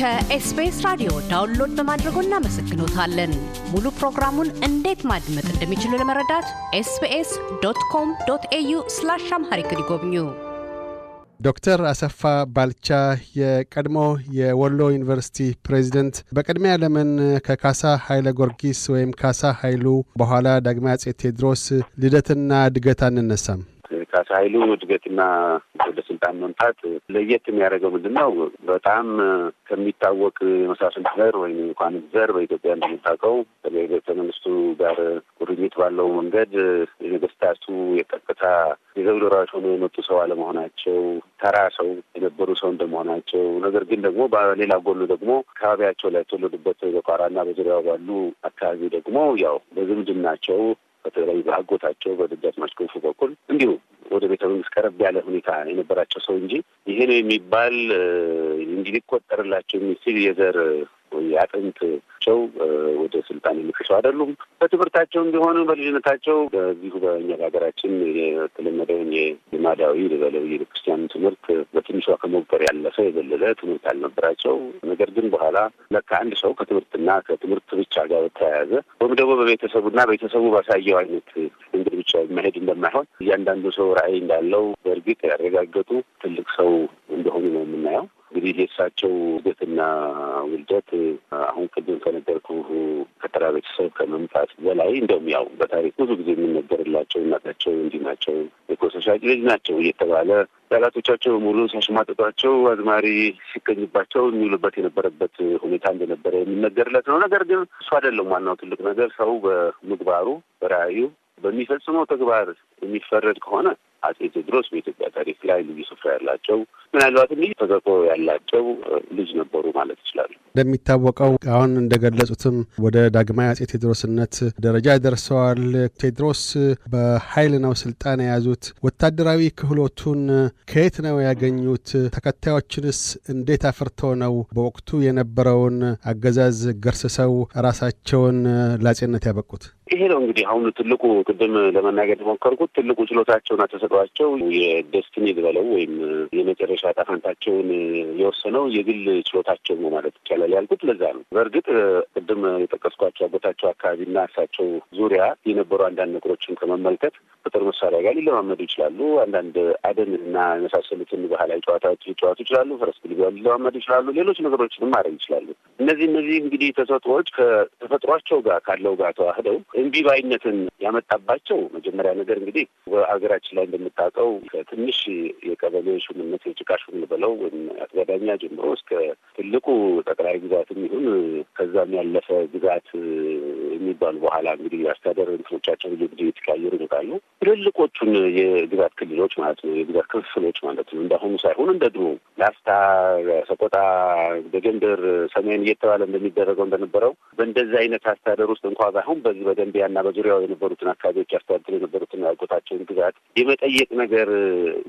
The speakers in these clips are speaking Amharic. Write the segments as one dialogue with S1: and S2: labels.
S1: ከኤስቢኤስ ራዲዮ ዳውንሎድ በማድረጎ እናመሰግኖታለን። ሙሉ ፕሮግራሙን እንዴት ማድመጥ እንደሚችሉ ለመረዳት ኤስቢኤስ ዶት
S2: ኮም ዶት ኤዩ ስላሽ አምሃሪክ ይጎብኙ። ዶክተር አሰፋ ባልቻ የቀድሞ የወሎ ዩኒቨርሲቲ ፕሬዚደንት፣ በቅድሚያ ለምን ከካሳ ኃይለ ጊዮርጊስ ወይም ካሳ ኃይሉ በኋላ ዳግማዊ አጼ ቴዎድሮስ ልደትና እድገት አንነሳም?
S1: ካሳ ኃይሉ እድገትና ወደ ስልጣን መምጣት ለየት የሚያደርገው ምንድን ነው? በጣም ከሚታወቅ የመሳፍንት ዘር ወይም እንኳን ዘር በኢትዮጵያ እንደምታውቀው ከቤተ መንግስቱ ጋር ቁርኝት ባለው መንገድ የነገስታቱ የቀጥታ የዘው ወራሽ ሆኖ የመጡ ሰው አለመሆናቸው፣ ተራ ሰው የነበሩ ሰው እንደመሆናቸው ነገር ግን ደግሞ በሌላ ጎኑ ደግሞ አካባቢያቸው ላይ ተወለዱበት በቋራና በዙሪያው ባሉ አካባቢ ደግሞ ያው በዝምድናቸው በተለይ በአጎታቸው በደጃች ማሽኮፉ በኩል እንዲሁ ወደ ቤተ መንግስት ቀረብ ያለ ሁኔታ የነበራቸው ሰው እንጂ ይሄ ነው የሚባል እንዲህ ሊቆጠርላቸው የሚችል የዘር ቸው ወደ ስልጣን የሚቀሱ አይደሉም። በትምህርታቸውም ቢሆኑ በልጅነታቸው በዚሁ በኛ በሀገራችን የተለመደውን የልማዳዊ ልበለው የቤተክርስቲያን ትምህርት በትንሿ ከመቁጠር ያለፈ የበለለ ትምህርት አልነበራቸው። ነገር ግን በኋላ ለካ አንድ ሰው ከትምህርትና ከትምህርት ብቻ ጋር በተያያዘ ወይም ደግሞ በቤተሰቡና ቤተሰቡ ባሳየው አይነት እንግድ ብቻ መሄድ እንደማይሆን እያንዳንዱ ሰው ራዕይ እንዳለው በእርግጥ ያረጋገጡ ትልቅ ሰው እንደሆኑ ነው የምናየው። እንግዲህ የእሳቸው እድገትና ውልደት አሁን ቅድም ከነገርኩ ከተራ ቤተሰብ ከመምጣት በላይ እንደውም ያው በታሪክ ብዙ ጊዜ የሚነገርላቸው እናታቸው እንዲህ ናቸው፣ የኮሰሻጭ ልጅ ናቸው እየተባለ ጠላቶቻቸው ሙሉ ሲያሽማጥጧቸው አዝማሪ ሲገኝባቸው የሚውሉበት የነበረበት ሁኔታ እንደነበረ የሚነገርለት ነው። ነገር ግን እሱ አይደለም ዋናው ትልቅ ነገር። ሰው በምግባሩ በራእዩ በሚፈጽመው ተግባር የሚፈረድ ከሆነ አጼ ቴዎድሮስ በኢትዮጵያ ታሪክ ላይ ልዩ ስፍራ ያላቸው
S2: ምናልባትም ልዩ ተሰጥኦ ያላቸው ልጅ ነበሩ ማለት ይችላሉ። እንደሚታወቀው አሁን እንደገለጹትም ወደ ዳግማዊ አጼ ቴዎድሮስነት ደረጃ ደርሰዋል። ቴዎድሮስ በኃይል ነው ስልጣን የያዙት። ወታደራዊ ክህሎቱን ከየት ነው ያገኙት? ተከታዮችንስ እንዴት አፍርቶ ነው በወቅቱ የነበረውን አገዛዝ ገርስሰው ራሳቸውን ላጼነት ያበቁት?
S1: ይሄ ነው እንግዲህ አሁን ትልቁ ቅድም ለመናገር የሞከርኩት ትልቁ ችሎታቸውና አድርጓቸው የደስትኒ ልበለው ወይም የመጨረሻ ጣፋንታቸውን የወሰነው የግል ችሎታቸው ነው ማለት ይቻላል። ያልኩት ለዛ ነው። በእርግጥ ቅድም የጠቀስኳቸው አጎታቸው አካባቢና እርሳቸው ዙሪያ የነበሩ አንዳንድ ነገሮችን ከመመልከት ከጦር መሳሪያ ጋር ሊለማመዱ ይችላሉ። አንዳንድ አደን እና የመሳሰሉትን ባህላዊ ጨዋታዎች ሊጨዋቱ ይችላሉ። ፈረስ ግልቢያ ሊለማመዱ ይችላሉ። ሌሎች ነገሮችንም ማድረግ ይችላሉ። እነዚህ እነዚህ እንግዲህ ተሰጥኦዎች ከተፈጥሯቸው ጋር ካለው ጋር ተዋህደው እምቢባይነትን ያመጣባቸው መጀመሪያ ነገር እንግዲህ በሀገራችን ላይ እንደምታውቀው ከትንሽ የቀበሌ ሹምነት የጭቃ ሹም ብለው ወይም አስጋዳኛ ጀምሮ እስከ ትልቁ ጠቅላይ ግዛትም ይሁን ከዛም ያለፈ ግዛት የሚባሉ በኋላ እንግዲህ አስተዳደር እንትኖቻቸውን ጊዜ ትልልቆቹን የግዛት ክልሎች ማለት ነው፣ የግዛት ክፍሎች ማለት ነው። እንዳሁኑ ሳይሆን እንደ ድሮ ላስታ፣ ሰቆጣ፣ በጎንደር ሰሜን እየተባለ እንደሚደረገው እንደነበረው በእንደዚህ አይነት አስተዳደር ውስጥ እንኳ ባይሆን በዚህ በደንቢያና በዙሪያው የነበሩትን አካባቢዎች ያስተዳድሩ የነበሩትን ያውቆታቸውን ግዛት የመጠየቅ ነገር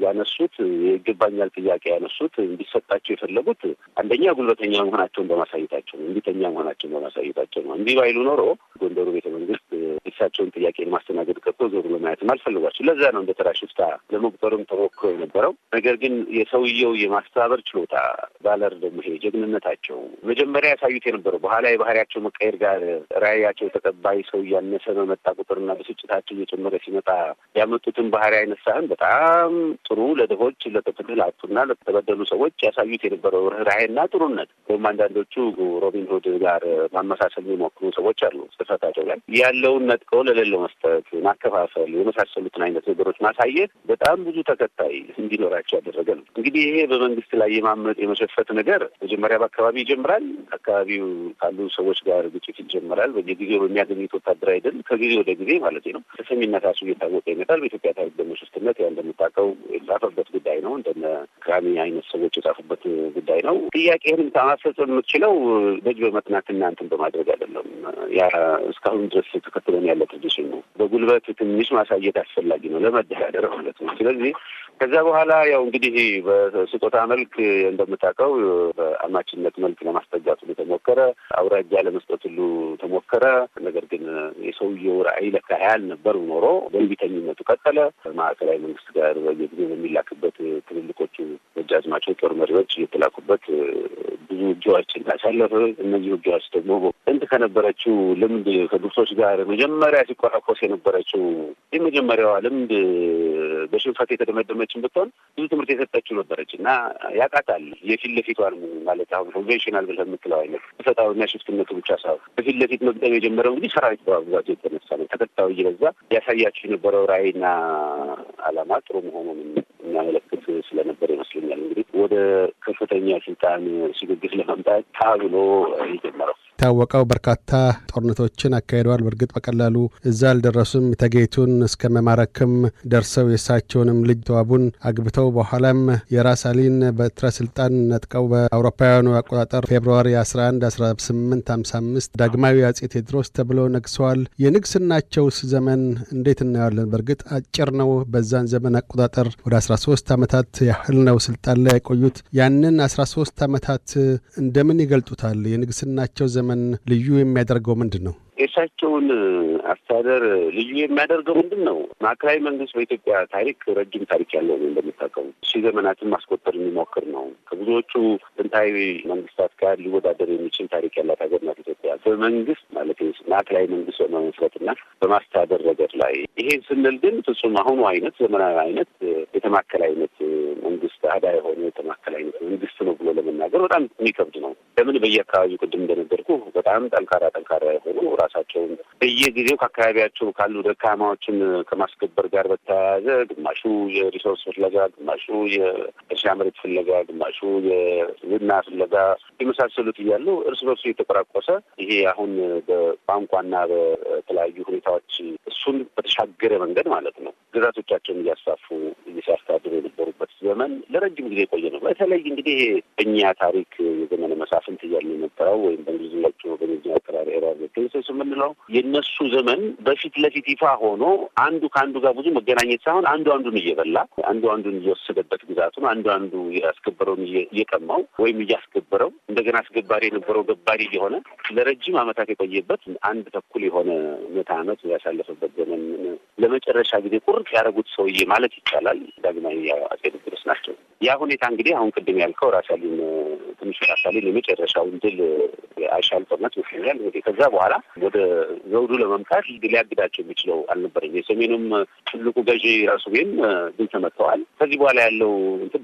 S1: ያነሱት የይገባኛል ጥያቄ ያነሱት እንዲሰጣቸው የፈለጉት አንደኛ ጉልበተኛ መሆናቸውን በማሳየታቸው ነው፣ እንዲተኛ መሆናቸውን በማሳየታቸው ነው። እንዲህ ባይሉ ኖሮ ጎንደሩ ቤተ መንግስት የእሳቸውን ጥያቄ ለማስተናገድ ቀርቶ ዞሩ ለማየትም አልፈልጓቸው። ለዛ ነው እንደ ተራ ሽፍታ ለመቁጠርም ተሞክሮ የነበረው። ነገር ግን የሰውየው የማስተባበር ችሎታ ባለር ደግሞ ይሄ ጀግንነታቸው መጀመሪያ ያሳዩት የነበረው በኋላ የባህሪያቸው መቀየር ጋር ራዕያቸው ተቀባይ ሰው እያነሰ በመጣ ቁጥርና ብስጭታቸው እየጨመረ ሲመጣ ያመጡትን ባህሪ አይነት ሳህን በጣም ጥሩ ለድሆች ለተፍትል አቱና ለተበደሉ ሰዎች ያሳዩት የነበረው ርኅራኄና ጥሩነት ወይም አንዳንዶቹ ሮቢን ሁድ ጋር ማመሳሰል የሚሞክሩ ሰዎች አሉ ጽፈታቸው ላይ ያለውን መጥቆ ለሌለው መስጠት፣ ማከፋፈል የመሳሰሉትን አይነት ነገሮች ማሳየት በጣም ብዙ ተከታይ እንዲኖራቸው ያደረገ ነው። እንግዲህ ይሄ በመንግስት ላይ የማመጥ የመሸፈት ነገር መጀመሪያ በአካባቢ ይጀምራል። አካባቢው ካሉ ሰዎች ጋር ግጭት ይጀምራል። በየጊዜው በሚያገኙት ወታደር አይደል ከጊዜ ወደ ጊዜ ማለት ነው ተሰሚነት ተሰሚነታቸው እየታወቀ ይመጣል። በኢትዮጵያ ታሪክ ደግሞ ሽስትነት ያው እንደምታውቀው የተጻፈበት ጉዳይ ነው። እንደነ ክራሚ አይነት ሰዎች የጻፉበት ጉዳይ ነው። ጥያቄህንም ማስፈጸም የምትችለው ደጅ በመጥናትና እንትን በማድረግ አይደለም። ያ እስካሁን ድረስ ተከትለን ያለ ትንሽ ነው። በጉልበቱ ትንሽ ማሳየት አስፈላጊ ነው ለመደራደር ማለት ነው። ስለዚህ ከዚያ በኋላ ያው እንግዲህ በስጦታ መልክ እንደምታውቀው በአማችነት መልክ ለማስጠጋት ሁሉ ተሞከረ። አውራጃ ለመስጠት ሁሉ ተሞከረ። ነገር ግን የሰውየው ራዕይ ለካ ያልነበር ኖሮ በእንቢተኝነቱ ቀጠለ። ማዕከላዊ መንግስት ጋር በየጊዜ በሚላክበት ትልልቆቹ ደጃዝማቾች፣ ጦር መሪዎች እየተላኩበት ብዙ ውጊያዎችን ታሳለፍ። እነዚህ ውጊያዎች ደግሞ ጥንት ከነበረችው ልምድ ከግብጾች ጋር መጀመሪያ ሲቆራቆስ የነበረችው የመጀመሪያዋ ልምድ በሽንፈት የተደመደመ የነበረችን ብትሆን ብዙ ትምህርት የሰጠችው ነበረች እና ያውቃታል። የፊት ለፊቷን ማለት አሁን ኮንቬንሽናል ብለህ የምትለው አይነት ተሰጣዊ እና ሽፍትነቱ ብቻ ሳይሆን በፊት ለፊት መግጠም የጀመረው እንግዲህ ሰራዊት በብዛቱ የተነሳ ነው። ተከታዩ እየበዛ ያሳያችሁ የነበረው ራዕይና አላማ ጥሩ መሆኑን የሚያመለክት ስለነበር ይመስለኛል እንግዲህ ወደ ከፍተኛ ስልጣን ሽግግር ለመምጣት ታብሎ
S2: የጀመረው ታወቀው በርካታ ጦርነቶችን አካሂደዋል። በእርግጥ በቀላሉ እዛ አልደረሱም። ተጌቱን እስከ መማረክም ደርሰው የእሳቸውንም ልጅ ተዋቡን አግብተው በኋላም የራስ አሊን በትረ ስልጣን ነጥቀው በአውሮፓውያኑ አቆጣጠር ፌብርዋሪ 11 1855 ዳግማዊ አጼ ቴዎድሮስ ተብለው ነግሰዋል። የንግስናቸውስ ዘመን እንዴት እናየዋለን? በእርግጥ አጭር ነው። በዛን ዘመን አቆጣጠር ወደ 13 ዓመታት ያህል ነው ስልጣን ላይ የቆዩት። ያንን 13 ዓመታት እንደምን ይገልጡታል? የንግስናቸው ዘመን ዘመን ልዩ የሚያደርገው ምንድን ነው?
S1: የእሳቸውን አስተዳደር ልዩ የሚያደርገው ምንድን ነው? ማዕከላዊ መንግስት በኢትዮጵያ ታሪክ ረጅም ታሪክ ያለው ነው። እንደሚታቀሙ ሺህ ዘመናትን ማስቆጠር የሚሞክር ነው። ከብዙዎቹ ጥንታዊ መንግስታት ጋር ሊወዳደር የሚችል ታሪክ ያላት ሀገር ናት ኢትዮጵያ። በመንግስት ማለት ማዕከላዊ መንግስት በመመስረት በመመስረትና በማስተዳደር ረገድ ላይ ይሄን ስንል ግን ፍጹም አሁኑ አይነት ዘመናዊ አይነት የተማከለ አይነት መንግስት አዳ የሆነ የተማከለ አይነት መንግስት ነው ነገር በጣም የሚከብድ ነው። ለምን በየአካባቢው ቅድም እንደነገርኩ በጣም ጠንካራ ጠንካራ የሆኑ ራሳቸውን በየጊዜው ከአካባቢያቸው ካሉ ደካማዎችን ከማስገበር ጋር በተያያዘ ግማሹ የሪሶርስ ፍለጋ፣ ግማሹ የእርሻ መሬት ፍለጋ፣ ግማሹ የዝና ፍለጋ የመሳሰሉት እያሉ እርስ በርሱ የተቆራቆሰ ይሄ አሁን በቋንቋና በተለያዩ ሁኔታዎች እሱን በተሻገረ መንገድ ማለት ነው ግዛቶቻቸውን እያስፋፉ እየሲያስተዳድሩ የነበሩ ዘመን ለረጅም ጊዜ የቆየ ነው። በተለይ እንግዲህ በእኛ ታሪክ የዘመነ መሳፍንት እያልን የነበረው ወይም በእንግሊዝኞቹ ወገን ስቴትስ የምንለው የእነሱ ዘመን በፊት ለፊት ይፋ ሆኖ አንዱ ከአንዱ ጋር ብዙ መገናኘት ሳይሆን አንዱ አንዱን እየበላ አንዱ አንዱን እየወሰደበት ነው። አንዱ አንዱ ያስከበረውን እየቀማው ወይም እያስገበረው እንደገና አስገባሪ የነበረው ገባሪ እየሆነ ለረጅም ዓመታት የቆየበት አንድ ተኩል የሆነ መቶ ዓመት ያሳለፈበት ዘመን ለመጨረሻ ጊዜ ቁርጥ ያደረጉት ሰውዬ ማለት ይቻላል ዳግማዊ አጼ ቴዎድሮስ ናቸው። ያ ሁኔታ እንግዲህ አሁን ቅድም ያልከው ራሳሊን ትንሽ ራሳሊን የመጨረሻውን ድል አይሻል ጦርነት ይመስለኛል እንግዲህ ከዛ በኋላ ወደ ዘውዱ ለመምጣት ሊያግዳቸው የሚችለው አልነበረኝ። የሰሜኑም ትልቁ ገዢ ራሱ ግን ግን ተመጥተዋል። ከዚህ በኋላ ያለው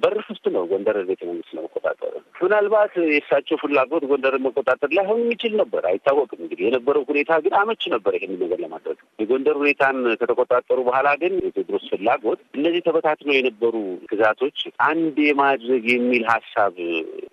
S1: በር ክፍት ነው። ጎንደር ቤተ መንግስት ለመቆጣጠር ምናልባት የእሳቸው ፍላጎት ጎንደር መቆጣጠር ላይሆን የሚችል ነበር፣ አይታወቅም። እንግዲህ የነበረው ሁኔታ ግን አመች ነበር ይህን ነገር ለማድረግ። የጎንደር ሁኔታን ከተቆጣጠሩ በኋላ ግን የቴድሮስ ፍላጎት እነዚህ ተበታትነው የነበሩ ግዛቶች አንድ አንድ የማድረግ የሚል ሀሳብ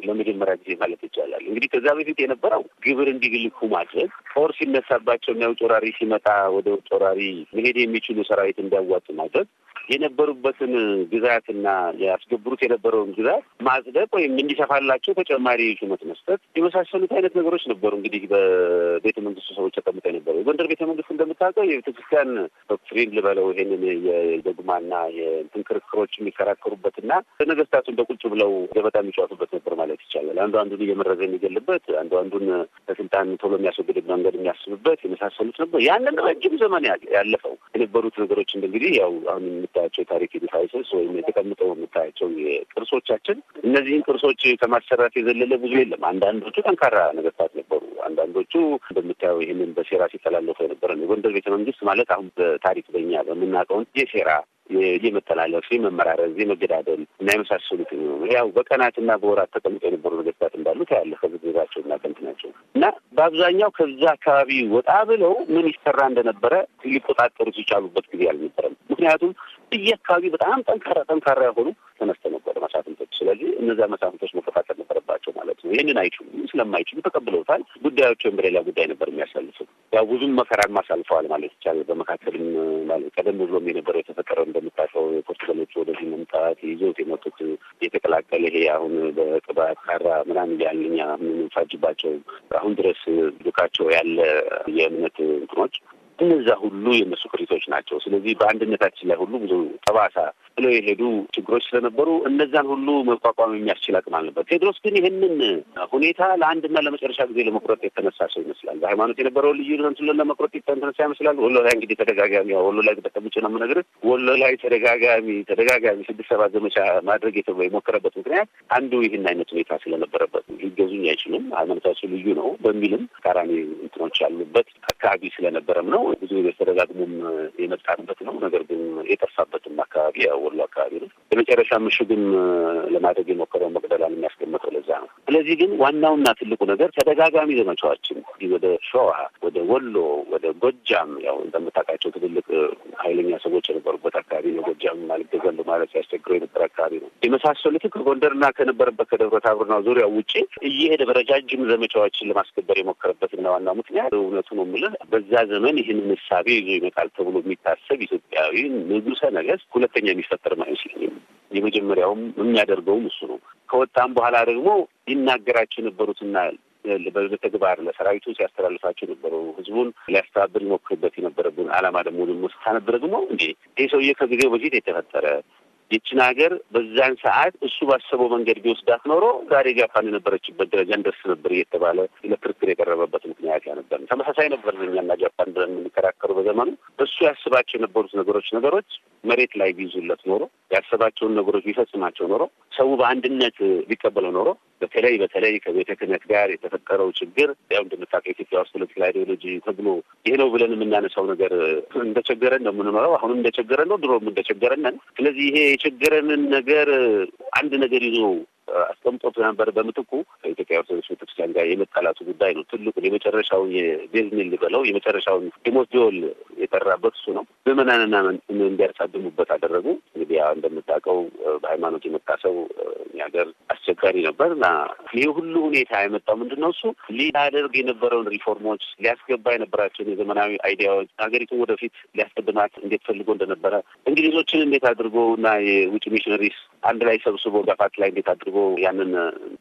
S1: ለመጀመሪያ ጊዜ ማለት ይቻላል። እንግዲህ ከዛ በፊት የነበረው ግብር እንዲግልኩ ማድረግ፣ ጦር ሲነሳባቸው እና ወራሪ ሲመጣ ወደ ወራሪ መሄድ የሚችሉ ሰራዊት እንዲያዋጡ ማድረግ የነበሩበትን ግዛትና ያስገብሩት የነበረውን ግዛት ማጽደቅ ወይም እንዲሰፋላቸው ተጨማሪ ሹመት መስጠት የመሳሰሉት አይነት ነገሮች ነበሩ። እንግዲህ በቤተ መንግስቱ ሰዎች ተቀምጠው የነበሩ የጎንደር ቤተ መንግስት እንደምታውቀው የቤተክርስቲያን ዶክትሪን ልበለው ይሄንን የዶግማና የእንትን ክርክሮች የሚከራከሩበትና ነገስታቱ እንደ ቁጭ ብለው ገበጣ የሚጫወቱበት ነበር ማለት ይቻላል። አንዱ አንዱን እየመረዘ የሚገልበት፣ አንዱ አንዱን በስልጣን ቶሎ የሚያስወግድ መንገድ የሚያስብበት የመሳሰሉት ነበር። ያንን ረጅም ዘመን ያለፈው የነበሩት ነገሮች እንግዲህ ያው አሁን የምታያቸው ታሪክ ዲቫይሰስ ወይም የተቀምጠው የምታያቸው የቅርሶቻችን እነዚህን ቅርሶች ከማሰራት የዘለለ ብዙ የለም። አንዳንዶቹ ጠንካራ ነገስታት ነበሩ። አንዳንዶቹ እንደምታየው ይህንን በሴራ ሲተላለፈ የነበረ የጎንደር ቤተ መንግስት ማለት አሁን በታሪክ በኛ በምናውቀውን የሴራ የመተላለፍ፣ የመመራረዝ፣ የመገዳደል እና የመሳሰሉት ያው በቀናትና በወራት ተቀምጦ የነበሩ ነገስታት እንዳሉ ታያለህ። ከዝግዛቸው እና ቀንት ናቸው እና በአብዛኛው ከዛ አካባቢ ወጣ ብለው ምን ይሰራ እንደነበረ ሊቆጣጠሩ ሲቻሉበት ጊዜ አልነበረም። ምክንያቱም እየ አካባቢ በጣም ጠንካራ ጠንካራ የሆኑ ተነስተ ነበር ማሳት ስለዚህ እነዚያ መሳፍንቶች መከታተል ነበረባቸው ማለት ነው። ይህንን አይችሉም። ስለማይችሉ ተቀብለውታል። ጉዳዮችን በሌላ ጉዳይ ነበር የሚያሳልፉት። ያው ብዙም መከራን ማሳልፈዋል ማለት ይቻላል። በመካከልም ቀደም ብሎም የነበረው የተፈጠረው እንደምታውቀው የፖርቱጋሎች ወደዚህ መምጣት ይዞት የመጡት የተቀላቀለ ይሄ አሁን በቅባት ካራ ምናምን እያልኛ ምንፋጅባቸው አሁን ድረስ ዱካቸው ያለ የእምነት እንትኖች እነዛ ሁሉ የእነሱ ቅሪቶች ናቸው። ስለዚህ በአንድነታችን ላይ ሁሉ ብዙ ጠባሳ ብለው የሄዱ ችግሮች ስለነበሩ እነዛን ሁሉ መቋቋም የሚያስችል አቅም አልነበር። ቴድሮስ ግን ይህንን ሁኔታ ለአንድና ለመጨረሻ ጊዜ ለመቁረጥ የተነሳ ሰው ይመስላል። በሃይማኖት የነበረው ልዩነት ለመቁረጥ የተነሳ ይመስላል። ወሎ ላይ እንግዲህ ተደጋጋሚ ወሎ ላይ ተጠቀምጭ ነው ምነግር ወሎ ላይ ተደጋጋሚ ተደጋጋሚ ስድስት ሰባት ዘመቻ ማድረግ የሞከረበት ምክንያት አንዱ ይህን አይነት ሁኔታ ስለነበረበት ሊገዙኝ አይችሉም፣ ሃይማኖታቸው ልዩ ነው በሚልም ተቃራኒ እንትኖች ያሉበት አካባቢ ስለነበረም ነው። ብዙ ተደጋግሞም የመጣንበት ነው። ነገር ግን የጠፋበትም አካባቢ ያው ወሎ አካባቢ ነው። የመጨረሻ ምሽግም ለማድረግ የሞከረው መቅደላን የሚያስቀምጠው ለዛ ነው። ስለዚህ ግን ዋናውና ትልቁ ነገር ተደጋጋሚ ዘመቻዎችን ወደ ሸዋ፣ ወደ ወሎ፣ ወደ ጎጃም ያው እንደምታውቃቸው ትልልቅ ኃይለኛ ሰዎች የነበሩበት አካባቢ ነው። ጎጃም ማለት በማለት ሲያስቸግረው የነበረ አካባቢ ነው። የመሳሰሉትን ከጎንደርና ከነበረበት ከደብረ ታቦርና ዙሪያ ውጭ እየሄደ በረጃጅም ዘመቻዎችን ለማስከበር የሞከረበትና ዋና ምክንያት እውነቱ ነው የምልህ በዛ ዘመን ይህን ምሳቤ ይዞ ይመጣል ተብሎ የሚታሰብ ኢትዮጵያዊ ንጉሰ ነገስት ሁለተኛ የሚፈጠርም አይመስለኝም። የመጀመሪያውም የሚያደርገውም እሱ ነው። ከወጣም በኋላ ደግሞ ይናገራቸው የነበሩትና በተግባር ለሰራዊቱ ሲያስተላልፋቸው የነበሩ ህዝቡን ሊያስተባብር ይሞክርበት የነበረብን አላማ ደግሞ ደግሞ ስታነብ ደግሞ እንዴ ይህ ሰውዬ ከጊዜው በፊት የተፈጠረ የችን ሀገር በዛን ሰዓት እሱ ባሰበው መንገድ ቢወስዳት ኖሮ ዛሬ ጃፓን የነበረችበት ደረጃ እንደርስ ነበር እየተባለ ለክርክር የቀረበበት ምክንያት ያነበር ተመሳሳይ ነበር እኛና ጃፓን ብለን የምንከራከሩ በዘመኑ እሱ ያስባቸው የነበሩት ነገሮች ነገሮች መሬት ላይ ቢይዙለት ኖሮ ያሰባቸውን ነገሮች ቢፈጽማቸው ኖሮ ሰው በአንድነት ቢቀበለው ኖሮ በተለይ በተለይ ከቤተ ክህነት ጋር የተፈጠረው ችግር ያው እንደምታውቀው ኢትዮጵያ ውስጥ ፖለቲካ አይዲዮሎጂ ተብሎ ይሄ ነው ብለን የምናነሳው ነገር እንደቸገረን ነው የምንኖረው። አሁንም እንደቸገረን ነው፣ ድሮም እንደቸገረን ነን። ስለዚህ ይሄ የቸገረንን ነገር አንድ ነገር ይዞ አስቀምጦት ነበር። በምትኩ ከኢትዮጵያ ኦርቶዶክስ ቤተክርስቲያን ጋር የመጣላቱ ጉዳይ ነው ትልቁን የመጨረሻው የቤዝሚል ልበለው የመጨረሻውን ዲሞስዲዮል የጠራበት እሱ ነው። ምዕመናንና እንዲያሳድሙበት አደረጉ። እንግዲህ ያው እንደምታውቀው በሃይማኖት የመጣ ሰው ሀገር አስቸጋሪ ነበር እና ይህ ሁሉ ሁኔታ የመጣው ምንድን ነው እሱ ሊያደርግ የነበረውን ሪፎርሞች ሊያስገባ የነበራቸውን የዘመናዊ አይዲያዎች ሀገሪቱን ወደፊት ሊያስቀድማት እንዴት ፈልጎ እንደነበረ እንግሊዞችን እንዴት አድርጎ እና የውጭ ሚሽነሪስ አንድ ላይ ሰብስቦ ጋፋት ላይ እንዴት አድርጎ ያንን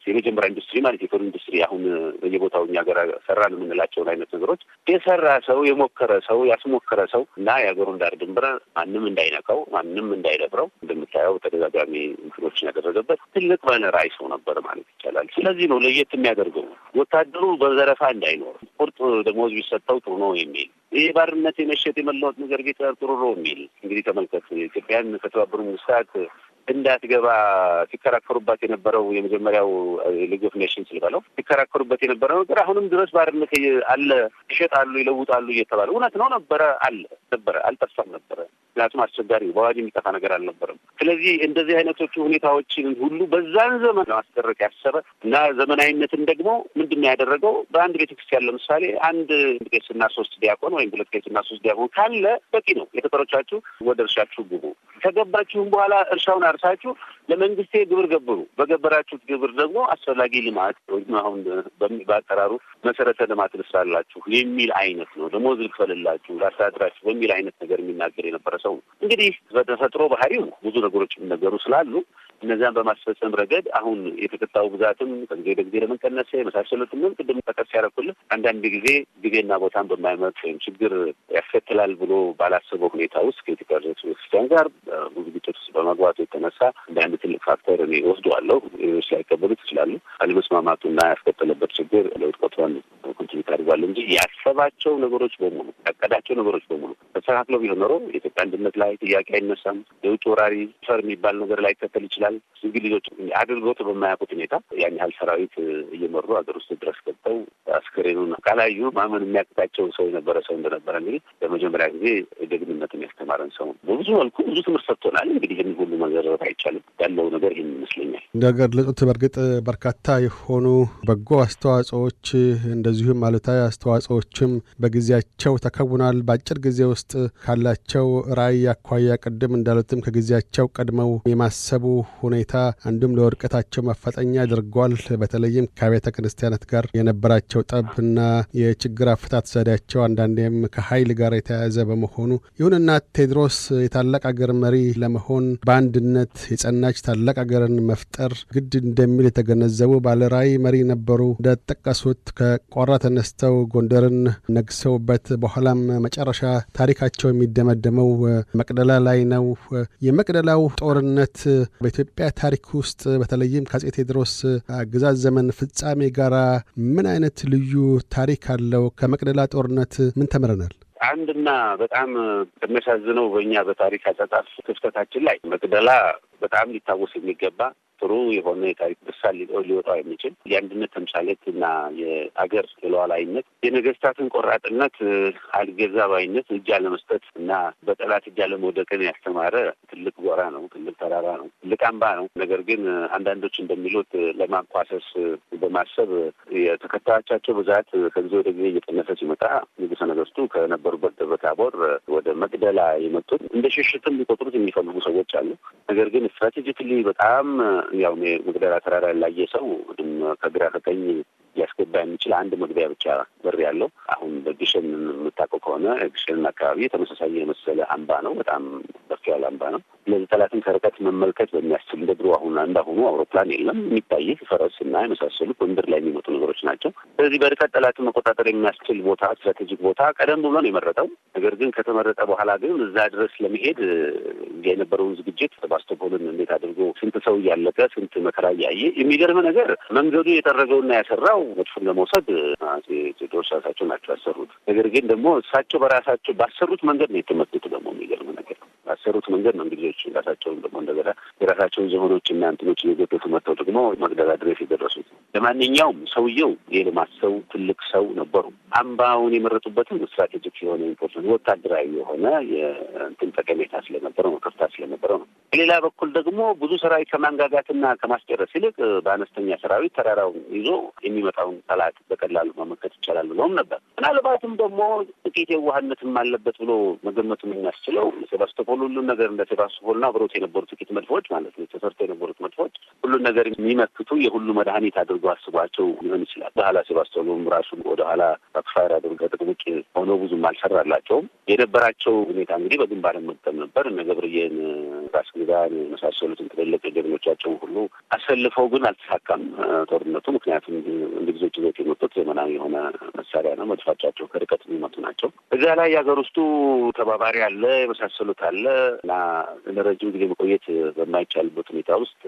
S1: የመጀመሪያ ኢንዱስትሪ ማለት የፈሩ ኢንዱስትሪ አሁን በየቦታው እኛ ሀገር ሰራን የምንላቸውን አይነት ነገሮች የሰራ ሰው የሞከረ ሰው ያስሞከረ ሰው እና የሀገሩን ዳር ድንበር ማንም እንዳይነካው ማንም እንዳይደፍረው እንደምታየው ተደጋጋሚ ምክሮችን ያደረገበት ትልቅ ባነር አይ ሰው ነበር ማለት ይቻላል። ስለዚህ ነው ለየት የሚያደርገው ወታደሩ በዘረፋ እንዳይኖር ቁርጥ ደሞዝ ቢሰጠው ጥሩ ነው የሚል ይህ ባርነት የመሸጥ የመለወጥ ነገር ጌታ ጥሩ ነው የሚል እንግዲህ ተመልከት ኢትዮጵያን ከተባበሩ መንግስታት እንዳትገባ ሲከራከሩባት የነበረው የመጀመሪያው ሊግ ኦፍ ኔሽንስ ልበለው ሲከራከሩበት የነበረው ነገር አሁንም ድረስ ባርነት አለ፣ ይሸጣሉ፣ ይለውጣሉ እየተባለ እውነት ነው ነበረ አለ ነበረ አልጠፋም ነበረ። ምክንያቱም አስቸጋሪ በአዋጅ የሚጠፋ ነገር አልነበረም። ስለዚህ እንደዚህ አይነቶቹ ሁኔታዎችን ሁሉ በዛን ዘመን ለማስደረቅ ያሰበ እና ዘመናዊነትን ደግሞ ምንድን ነው ያደረገው? በአንድ ቤተክርስቲያን ለምሳሌ አንድ ቄስና ሶስት ዲያቆን ወይም ሁለት ቄስና ሶስት ዲያቆን ካለ በቂ ነው። የተጠሮቻችሁ ወደ እርሻችሁ ግቡ፣ ከገባችሁም በኋላ እርሻውን ጨርሳችሁ ለመንግስቴ ግብር ገብሩ። በገበራችሁት ግብር ደግሞ አስፈላጊ ልማት ወይም አሁን በአጠራሩ መሰረተ ልማት ልስራላችሁ የሚል አይነት ነው። ደሞዝ ልክፈልላችሁ፣ ላስተዳድራችሁ በሚል አይነት ነገር የሚናገር የነበረ ሰው ነው። እንግዲህ በተፈጥሮ ባህሪው ብዙ ነገሮች የሚነገሩ ስላሉ እነዚያን በማስፈጸም ረገድ አሁን የተቀጣው ብዛትም ከጊዜ ወደ ጊዜ ለመቀነስ የመሳሰሉትም ቅድም ጠቀስ ያደረኩልህ አንዳንድ ጊዜ ጊዜና ቦታን በማይመጥ ወይም ችግር ያስከትላል ብሎ ባላሰበው ሁኔታ ውስጥ ከኢትዮጵያ ኦርቶዶክስ ቤተክርስቲያን ጋር ብዙ ግጭት ውስጥ በመግባቱ የተነሳ እንደ አንድ ትልቅ ፋክተር እኔ ወስደዋለሁ። ሌሎች ላይቀበሉ ይችላሉ። አለመስማማቱና ያስከተለበት ችግር ለውድቀቷን ኮንትሪቢዩት አድርጓል እንጂ ያሰባቸው ነገሮች በሙሉ ያቀዳቸው ነገሮች በሙሉ ተስተካክሎ ቢሆን ኖሮ የኢትዮጵያ አንድነት ላይ ጥያቄ አይነሳም። የውጭ ወራሪ ፈር የሚባል ነገር ላይ ይከተል ይችላል። እንግሊዞች አድርገውት በማያውቁት ሁኔታ ያን ያህል ሰራዊት እየመሩ ሀገር ውስጥ ድረስ ገብተው አስክሬኑን ካላዩ ማመን የሚያቅታቸው ሰው የነበረ ሰው እንደነበረ እንግዲህ ለመጀመሪያ ጊዜ ደግነትን ያስተማረን ሰው በብዙ መልኩ ብዙ ትምህርት ሰጥቶናል። እንግዲህ ይህን ሁሉ መዘረረት አይቻልም። ያለው ነገር ይህን ይመስለኛል።
S2: እንደገለጹት በእርግጥ በርካታ የሆኑ በጎ አስተዋጽኦዎች እንደዚሁም አሉታዊ አስተዋጽኦዎችም በጊዜያቸው ተከውኗል። በአጭር ጊዜ ውስጥ ካላቸው ራዕይ አኳያ ቅድም እንዳሉትም ከጊዜያቸው ቀድመው የማሰቡ ሁኔታ አንዱም ለወድቀታቸው ማፋጠኛ አድርጓል። በተለይም ከቤተ ክርስቲያናት ጋር የነበራቸው ጠብና የችግር አፍታት ዘዴያቸው አንዳንዴም ከኃይል ጋር የተያያዘ በመሆኑ ይሁንና ቴድሮስ የታላቅ አገር መሪ ለመሆን በአንድነት የጸናች ታላቅ አገርን መፍጠር ግድ እንደሚል የተገነዘቡ ባለራዕይ መሪ ነበሩ። እንደጠቀሱት ከቋራ ተነስተው ጎንደርን ነግሰውበት በኋላም መጨረሻ ታሪካ ድላቸው የሚደመደመው መቅደላ ላይ ነው። የመቅደላው ጦርነት በኢትዮጵያ ታሪክ ውስጥ በተለይም ከአጼ ቴዎድሮስ አገዛዝ ዘመን ፍጻሜ ጋራ ምን አይነት ልዩ ታሪክ አለው? ከመቅደላ ጦርነት ምን ተምረናል?
S1: አንድና በጣም የሚያሳዝነው በእኛ በታሪክ አጻጻፍ ክፍተታችን ላይ መቅደላ በጣም ሊታወስ የሚገባ ጥሩ የሆነ የታሪክ ምሳሌ ሊወጣው የሚችል የአንድነት ተምሳሌት እና የአገር የሉዓላዊነት የነገስታትን ቆራጥነት፣ አልገዛ ባይነት፣ እጅ አለመስጠት እና በጠላት እጅ አለመውደቅን ያስተማረ ትልቅ ጎራ ነው። ትልቅ ተራራ ነው። ትልቅ አምባ ነው። ነገር ግን አንዳንዶች እንደሚሉት ለማንኳሰስ በማሰብ የተከታዮቻቸው ብዛት ከጊዜ ወደ ጊዜ እየቀነሰ ሲመጣ ንጉሠ ነገስቱ ከነበሩበት ደብረ ታቦር ወደ መቅደላ የመጡት እንደ ሽሽትም ሊቆጥሩት የሚፈልጉ ሰዎች አሉ። ነገር ግን ስትራቴጂክሊ በጣም ያው መግደራ ተራራ ላየ ሰው ከግራ ከቀኝ ሊያስገባ የሚችል አንድ መግቢያ ብቻ በር ያለው አሁን በግሸን የምታውቀው ከሆነ ግሸን አካባቢ ተመሳሳይ የመሰለ አምባ ነው። በጣም በፍ አምባ ነው። ስለዚህ ጠላትን ከርቀት መመልከት በሚያስችል እንደ ድሮ አሁን እንዳሁኑ አውሮፕላን የለም። የሚታይ ፈረስ እና የመሳሰሉት በምድር ላይ የሚመጡ ነገሮች ናቸው። ስለዚህ በርቀት ጠላትን መቆጣጠር የሚያስችል ቦታ፣ ስትራቴጂክ ቦታ ቀደም ብሎ ነው የመረጠው። ነገር ግን ከተመረጠ በኋላ ግን እዛ ድረስ ለመሄድ እዚያ የነበረውን ዝግጅት ባስተፖልን እንዴት አድርጎ ስንት ሰው እያለቀ ስንት መከራ እያየ የሚገርም ነገር መንገዱ የጠረገውና ያሰራው መድፉን ለመውሰድ ቴዎድሮስ ራሳቸው ናቸው ያሰሩት። ነገር ግን ደግሞ እሳቸው በራሳቸው ባሰሩት መንገድ ነው የተመቱት ደግሞ የሚገርም ባሰሩት መንገድ ነው እንግሊዞች ራሳቸውን ደግሞ እንደገና የራሳቸውን ዘመዶች እና እንትኖች እየጎተቱ መጥተው ደግሞ መቅደላ ድረስ የደረሱት። ለማንኛውም ሰውየው የልማት ሰው፣ ትልቅ ሰው ነበሩ። አምባውን የመረጡበትም ስትራቴጂክ የሆነ ኢምፖርታንት ወታደራዊ የሆነ የእንትን ጠቀሜታ ስለነበረው ነው፣ ከፍታ ስለነበረው ነው። በሌላ በኩል ደግሞ ብዙ ሰራዊት ከማንጋጋትና ከማስጨረስ ይልቅ በአነስተኛ ሰራዊት ተራራውን ይዞ የሚመጣውን ጠላት በቀላሉ መመከት ይቻላል ብለውም ነበር። ምናልባትም ደግሞ ጥቂት የዋህነትም አለበት ብሎ መገመቱ የሚያስችለው ሴባስቶፖል ሁሉን ነገር እንደ ሴባስቶፖልና አብሮት የነበሩ ጥቂት መድፎች ማለት ነው ተሰርቶ የነበሩት መጥፎዎች ሁሉን ነገር የሚመክቱ የሁሉ መድኃኒት አድርጎ አስቧቸው ሊሆን ይችላል። በኋላ ሴባስቶሎም ራሱን ወደኋላ ባክፋር አድርገ ጥቅም ውጭ ሆኖ ብዙም አልሰራላቸውም። የነበራቸው ሁኔታ እንግዲህ በግንባር መቅጠም ነበር። እነ ገብርዬን ራስ ግዛን የመሳሰሉትን ትልልቅ ጀግኖቻቸውን ሁሉ አሰልፈው ግን አልተሳካም ጦርነቱ። ምክንያቱም እንግሊዞች ይዘት የመጡት ዘመናዊ የሆነ መሳሪያ ነው። መድፋቻቸው ከርቀት የሚመጡ ናቸው። እዚያ ላይ የሀገር ውስጡ ተባባሪ አለ፣ የመሳሰሉት አለ እና ለረጅም ጊዜ መቆየት በማ በማይቻልበት ሁኔታ ውስጥ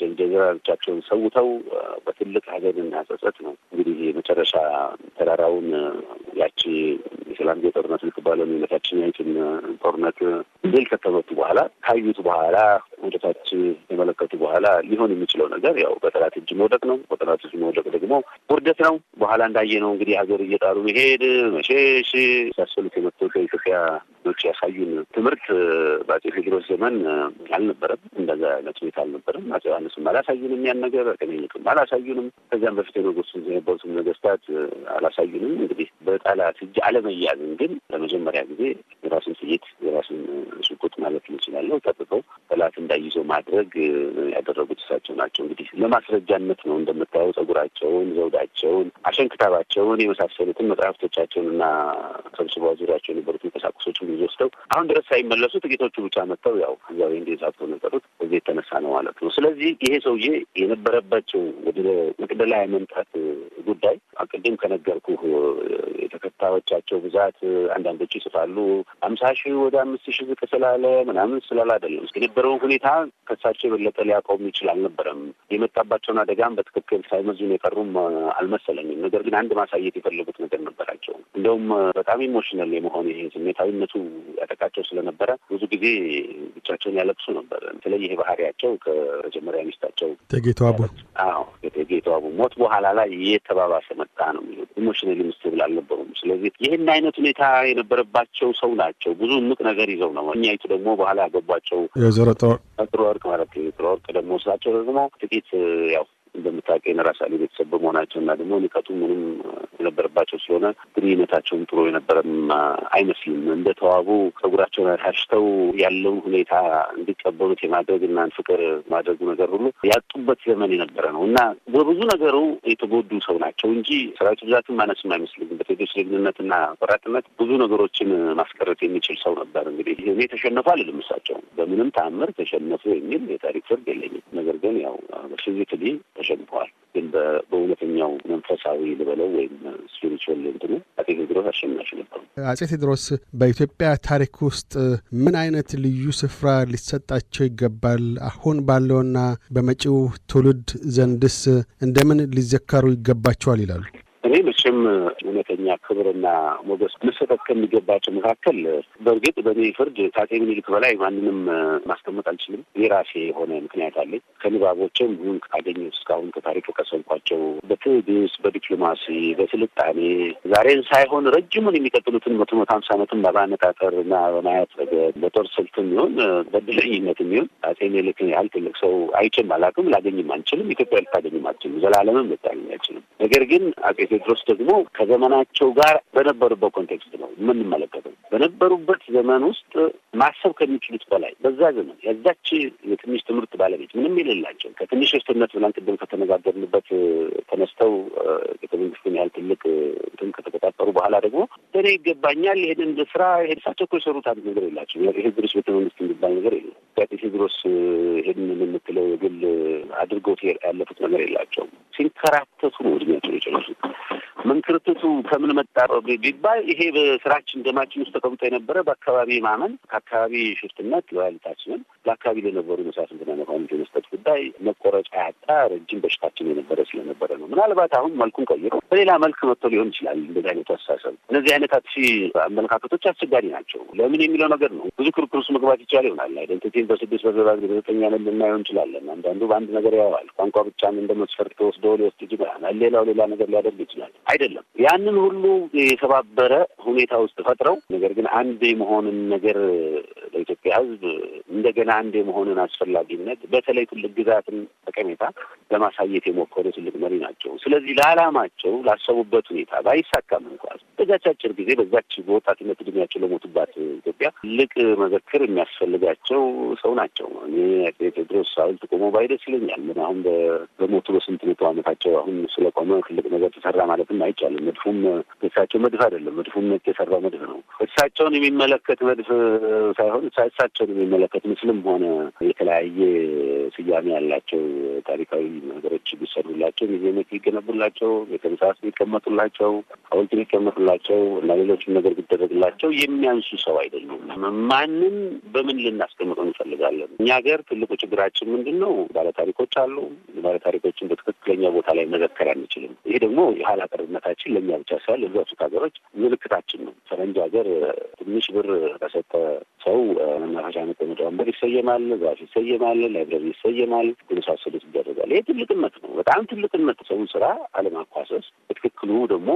S1: ጀንጀራዎቻቸውን ሰውተው በትልቅ ሀዘንና ጸጸት ነው እንግዲህ የመጨረሻ ተራራውን ያቺ የሰላም ጊዜ ጦርነት የምትባለው የእመቤታችን ያይቱን ጦርነት ድል ከተመቱ በኋላ ካዩት በኋላ ወደታች የመለከቱ በኋላ ሊሆን የሚችለው ነገር ያው በጠላት እጅ መውደቅ ነው። በጠላት እጅ መውደቅ ደግሞ ውርደት ነው። በኋላ እንዳየ ነው እንግዲህ ሀገር እየጣሩ መሄድ፣ መሸሽ ሳሰሉት የመቶ ከኢትዮጵያ ሰዎች ያሳዩን ትምህርት በአጼ ቴዎድሮስ ዘመን አልነበረም። እንደዛ አይነት ሁኔታ አልነበረም። አጼ ዮሐንስም አላሳዩንም ያን ነገር፣ ቅንኝቱም አላሳዩንም። ከዚያም በፊት የነጎሱ የነበሩትም ነገስታት አላሳዩንም። እንግዲህ በጠላት እጅ አለመያዝን ግን ለመጀመሪያ ጊዜ የራስን ጥይት የራስን ሽጉጥ ማለት እንችላለሁ ጠብቀው ጠላት እንዳይዞ ማድረግ ያደረጉት እሳቸው ናቸው። እንግዲህ ለማስረጃነት ነው እንደምታየው ጸጉራቸውን፣ ዘውዳቸውን፣ አሸንክታባቸውን የመሳሰሉትን መጽሐፍቶቻቸውንና ሰብስበ ዙሪያቸው የነበሩት እንቁሳቁሶች ብዙ ወስደው አሁን ድረስ ሳይመለሱ ጥቂቶቹ ብቻ መጥተው ያው እዚያው እንዲ ጻፍተው ነገሩት እዚህ የተነሳ ነው ማለት ነው። ስለዚህ ይሄ ሰውዬ የነበረባቸው ወደ መቅደላ የመምጣት ጉዳይ አቅድም ከነገርኩ የተከታዮቻቸው ብዛት አንዳንዶች ይጽፋሉ አምሳ ሺህ ወደ አምስት ሺህ ዝቅ ስላለ ምናምን ስላለ አይደለም እስኪ ነበረው ያለውን ሁኔታ ከሳቸው የበለጠ ሊያውቀውም ይችል አልነበረም። የመጣባቸውን አደጋም በትክክል ሳይመዝኑ የቀሩም አልመሰለኝም። ነገር ግን አንድ ማሳየት የፈለጉት ነገር ነበራቸው። እንደውም በጣም ኢሞሽናል የመሆን ይሄ ስሜታዊነቱ ያጠቃቸው ስለነበረ ብዙ ጊዜ ብቻቸውን ያለቅሱ ነበር። በተለይ ይሄ ባህሪያቸው ከመጀመሪያ ሚስታቸው እቴጌ አቡ አዎ እቴጌ ተዋቡ ሞት በኋላ ላይ እየተባባሰ መጣ ነው የሚሉት። ኢሞሽናል ምስብል አልነበሩም። ስለዚህ ይህን አይነት ሁኔታ የነበረባቸው ሰው ናቸው። ብዙ እምቅ ነገር ይዘው ነው። እኛይቱ ደግሞ በኋላ ያገቧቸው የወይዘሮ ጥሩ ወርቅ ማለት ጥሩ ወርቅ ደግሞ ስላቸው ደግሞ ጥቂት ያው እንደምታውቀኝ እራሳ ቤተሰብ በመሆናቸው እና ደግሞ ንቀቱ ምንም የነበረባቸው ስለሆነ ግንኙነታቸውም ጥሩ የነበረም አይመስልም። እንደ ተዋቡ ጸጉራቸውን አሻሽተው ያለውን ሁኔታ እንዲቀበሉት የማድረግ እና ፍቅር ማድረጉ ነገር ሁሉ ያጡበት ዘመን የነበረ ነው እና በብዙ ነገሩ የተጎዱ ሰው ናቸው እንጂ ሰራዊት ብዛትም ማነስም አይመስልም። በቴዶስ በቴዎድሮስ እና ቆራጥነት ብዙ ነገሮችን ማስቀረት የሚችል ሰው ነበር። እንግዲህ እኔ ተሸነፉ አልልም፣ እሳቸው በምንም ተአምር ተሸነፉ የሚል የታሪክ ፍርድ የለኝም። ነገር ግን ያው በሽዚትሊ ተሸንፈዋል። ግን በእውነተኛው መንፈሳዊ ልበለው ወይም ስፒሪቹዋል እንትኑ አጼ ቴዎድሮስ አሸናፊ ነበሩ።
S2: አጼ ቴዎድሮስ በኢትዮጵያ ታሪክ ውስጥ ምን አይነት ልዩ ስፍራ ሊሰጣቸው ይገባል? አሁን ባለውና በመጪው ትውልድ ዘንድስ እንደምን ሊዘከሩ ይገባቸዋል ይላሉ?
S1: እኔ መቼም እውነተኛ ክብርና ሞገስ መሰጠት ከሚገባቸው መካከል በእርግጥ በእኔ ፍርድ ከአፄ ምኒልክ በላይ ማንንም ማስቀመጥ አልችልም። የራሴ የሆነ ምክንያት አለኝ። ከንባቦችም ሁን ካገኘሁት እስካሁን ከታሪክ የቀሰምኳቸው በትዕግስት፣ በዲፕሎማሲ፣ በስልጣኔ ዛሬን ሳይሆን ረጅሙን የሚቀጥሉትን መቶ መቶ ሀምሳ ዓመትን በማነጣጠር እና በማየት ረገድ በጦር ስልትም ይሁን በድለኝነት ይሁን አፄ ምኒልክን ያህል ትልቅ ሰው አይቼም አላውቅም፣ ላገኝም አንችልም። ኢትዮጵያ ልታገኝም አልችልም። ዘላለምም ልታገኝ አይችልም። ነገር ግን አፄ ቴዎድሮስ ደግሞ ከዘመናቸው ከራሳቸው ጋር በነበሩበት ኮንቴክስት ነው የምንመለከተው። በነበሩበት ዘመን ውስጥ ማሰብ ከሚችሉት በላይ በዛ ዘመን ያዛች የትንሽ ትምህርት ባለቤት ምንም የሌላቸው ከትንሽ ውስጥነት ብላን ቅድም ከተነጋገርንበት ተነስተው ቤተመንግስትን ያህል ትልቅ እንትን ከተቆጣጠሩ በኋላ ደግሞ እኔ ይገባኛል ይሄንን ስራ ሄድሳቸው እኮ የሰሩት አንድ ነገር የላቸው የሄድሮስ ቤተመንግስት የሚባል ነገር የለም። ሄድሮስ ይሄንን የምትለው የግል አድርገው ያለፉት ነገር የላቸውም። ሲንከራተቱ ነው እድሜያቸው የጨረሱት። መንክርትቱ ከምን መጣ ቢባል ይሄ በስራችን ደማችን ውስጥ ተቀምጦ የነበረ በአካባቢ ማመን ከአካባቢ ሽፍትነት ሎያልታችንን በአካባቢ ለነበሩ መሳፍንትና መኳንንት የመስጠት ጉዳይ መቆረጫ ያጣ ረጅም በሽታችን የነበረ ስለነበረ ነው። ምናልባት አሁን መልኩን ቀይሮ በሌላ መልክ መጥቶ ሊሆን ይችላል። እንደዚህ አይነቱ አስተሳሰብ፣ እነዚህ አይነት አዲስ አመለካከቶች አስቸጋሪ ናቸው። ለምን የሚለው ነገር ነው። ብዙ ክርክር ውስጥ መግባት ይቻል ይሆናል። አይደንቲቲን በስድስት በዘባ በዘጠኛ ዓመት ልናየው እንችላለን። አንዳንዱ በአንድ ነገር ያዋል ቋንቋ ብቻ እንደ መስፈርት ተወስዶ ሊወስድ ይችላል። ሌላው ሌላ ነገር ሊያደርግ ይችላል። አይደለም። ያንን ሁሉ የተባበረ ሁኔታ ውስጥ ፈጥረው ነገር ግን አንድ የመሆንን ነገር ለኢትዮጵያ ሕዝብ እንደገና አንድ የመሆንን አስፈላጊነት በተለይ ትልቅ ግዛትን ጠቀሜታ ለማሳየት የሞከሩ ትልቅ መሪ ናቸው። ስለዚህ ለዓላማቸው ላሰቡበት ሁኔታ ባይሳካም እንኳን በዛች አጭር ጊዜ በዛች በወጣትነት እድሜያቸው ለሞቱባት ኢትዮጵያ ትልቅ መዘክር የሚያስፈልጋቸው ሰው ናቸው። እኔ ቴድሮስ ሐውልት ቆሞ ባይደስ ይለኛል። ምን አሁን በሞቱ በስንት መቶ ዓመታቸው አሁን ስለቆመ ትልቅ ነገር ተሰራ ማለትም አይቻልም። መድፉም የእሳቸው መድፍ አይደለም። መድፉም ነጭ የሰራ መድፍ ነው። እሳቸውን የሚመለከት መድፍ ሳይሆን እሳቸውን የሚመለከት ምስልም ሆነ የተለያየ ስያሜ ያላቸው ታሪካዊ ነገሮች ቢሰሩላቸው፣ ሚዜኖች ቢገነቡላቸው፣ ቤተመጻሕፍት ቢቀመጡላቸው፣ ሐውልት ቢቀመጡላቸው እና ሌሎችም ነገር ቢደረግላቸው የሚያንሱ ሰው አይደሉም። ማንም በምን ልናስቀምጠው እንፈልጋለን? እኛ ሀገር ትልቁ ችግራችን ምንድን ነው? ባለታሪኮች አሉ። ባለታሪኮችን በትክክለኛ ቦታ ላይ መዘከር አንችልም። ይሄ ደግሞ የኋላ ቀር ጦርነታችን ለእኛ ብቻ ሳይሆን ለብዙ አፍሪካ ሀገሮች ምልክታችን ነው። ፈረንጅ ሀገር ትንሽ ብር በሰጠ ሰው መናፈሻ መቀመጫ ወንበር ይሰየማል፣ ዛፍ ይሰየማል፣ ላይብረሪ ይሰየማል፣ የመሳሰሉት ይደረጋል። ይህ ትልቅነት ነው፣ በጣም ትልቅነት። ሰውን ስራ አለማኳሰስ፣ በትክክሉ ደግሞ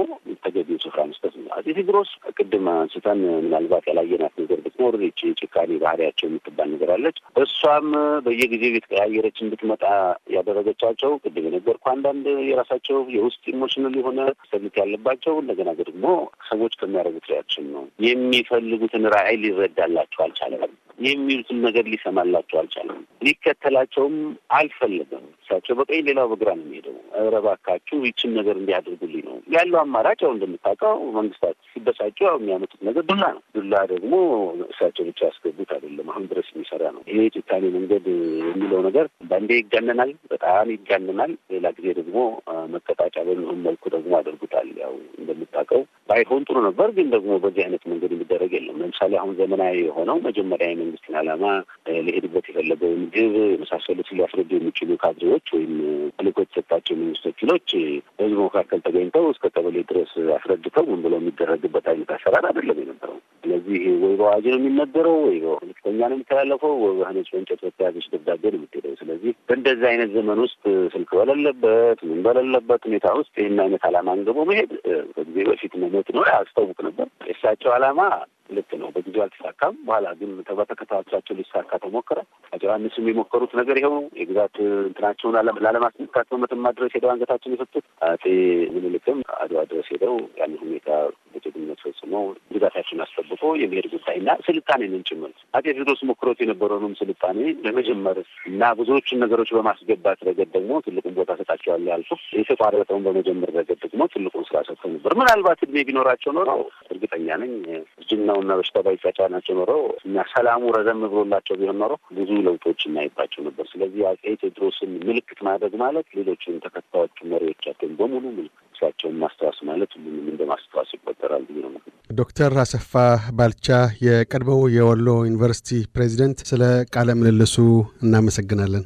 S1: ተገቢው ስፍራ መስጠት ነው። አፄ ቴዎድሮስ ቅድም አንስተን ምናልባት ያላየናት ነገር ብትኖር ይቺ ጭካኔ ባህሪያቸው የምትባል ነገር አለች። እሷም በየጊዜው የተቀያየረች እንድትመጣ ያደረገቻቸው ቅድም የነገርኩ አንዳንድ የራሳቸው የውስጥ ኢሞሽናል የሆነ ማሰብት ያለባቸው እንደገና ደግሞ ሰዎች ከሚያደርጉት ሪያክሽን ነው የሚፈልጉትን ራዕይ ሊረዳላቸው አልቻለም። የሚሉትን ነገር ሊሰማላቸው አልቻለም። ሊከተላቸውም አልፈለገም። እሳቸው በቀኝ ሌላው በግራ ነው የሚሄደው። ኧረ እባካችሁ ይችን ነገር እንዲያደርጉልኝ ነው ያለው አማራጭ። ያው እንደምታውቀው መንግስታት ሲበሳጩ ያው የሚያመጡት ነገር ዱላ ነው። ዱላ ደግሞ እሳቸው ብቻ ያስገቡት አይደለም፣ አሁን ድረስ የሚሰራ ነው። ይሄ ጭካኔ መንገድ የሚለው ነገር በአንዴ ይጋነናል፣ በጣም ይጋነናል። ሌላ ጊዜ ደግሞ መቀጣጫ በሚሆን መልኩ ደግሞ አድርጉታል። ያው እንደምታውቀው ባይሆን ጥሩ ነበር፣ ግን ደግሞ በዚህ አይነት መንገድ የሚደረግ የለም። ለምሳሌ አሁን ዘመናዊ የሆነው መጀመሪያ የመንግስትን ዓላማ ሊሄድበት የፈለገውን ግብ የመሳሰሉትን ሊያስረዱ የሚችሉ ካድሬዎች ወይም ተልዕኮ የተሰጣቸው የመንግስት ወኪሎች በህዝቡ መካከል ተገኝተው እስከ ቀበሌ ድረስ አስረድተው ምን ብለው የሚደረግበት አይነት አሰራር አይደለም የነበረው። ስለዚህ ወይ በአዋጅ ነው የሚነገረው ወይ በእኛ ነው የሚተላለፈው። ህነች በእንጨት በተያዘች ደብዳቤ ነው የምትሄደው። ስለዚህ በእንደዚህ አይነት ዘመን ውስጥ ስልክ በሌለበት ምን በሌለበት ሁኔታ ውስጥ ይህን አይነት አላማ አንግቦ መሄድ በጊዜ በፊት መሞት ነው ያስታውቅ ነበር። የእሳቸው አላማ ልክ ነው። በጊዜው አልተሳካም። በኋላ ግን በተከታዮቻቸው ሊሳካ ተሞከረ። አቶ ዮሐንስም የሞከሩት ነገር ይኸው ነው። የግዛት እንትናቸውን ላለማስነካት በመተማ ድረስ ሄደው አንገታቸውን የሰጡት አጤ ምኒልክም አድዋ ድረስ ሄደው ያን ሁኔታ ሴትነት ፈጽሞ ጉዳታችን አስጠብቆ የመሄድ ጉዳይና ስልጣኔንም ጭምር አጤ ቴዎድሮስ ሞክሮት የነበረውንም ስልጣኔ ለመጀመር እና ብዙዎችን ነገሮች በማስገባት ረገድ ደግሞ ትልቁን ቦታ ሰጣቸዋል ያልኩት የተቋረጠውን በመጀመር ረገድ ደግሞ ትልቁን ስራ ሰጥተው ነበር። ምናልባት እድሜ ቢኖራቸው ኖረው እርግጠኛ ነኝ እርጅናውና በሽታ ባይጫጫናቸው ኖረው እና ሰላሙ ረዘም ብሎላቸው ቢሆን ኖረው ብዙ ለውጦች እናይባቸው ነበር። ስለዚህ አፄ ቴዎድሮስን ምልክት ማድረግ ማለት ሌሎችን ተከታዮቹ መሪዎቻቸውን በሙሉ ምልክት ስራቸውን ማስታወስ ማለት ሁሉንም እንደ ማስታወስ ይቆጠራል ብዬ ነው።
S2: ዶክተር አሰፋ ባልቻ የቀድሞው የወሎ ዩኒቨርሲቲ ፕሬዚደንት፣ ስለ ቃለ ምልልሱ እናመሰግናለን።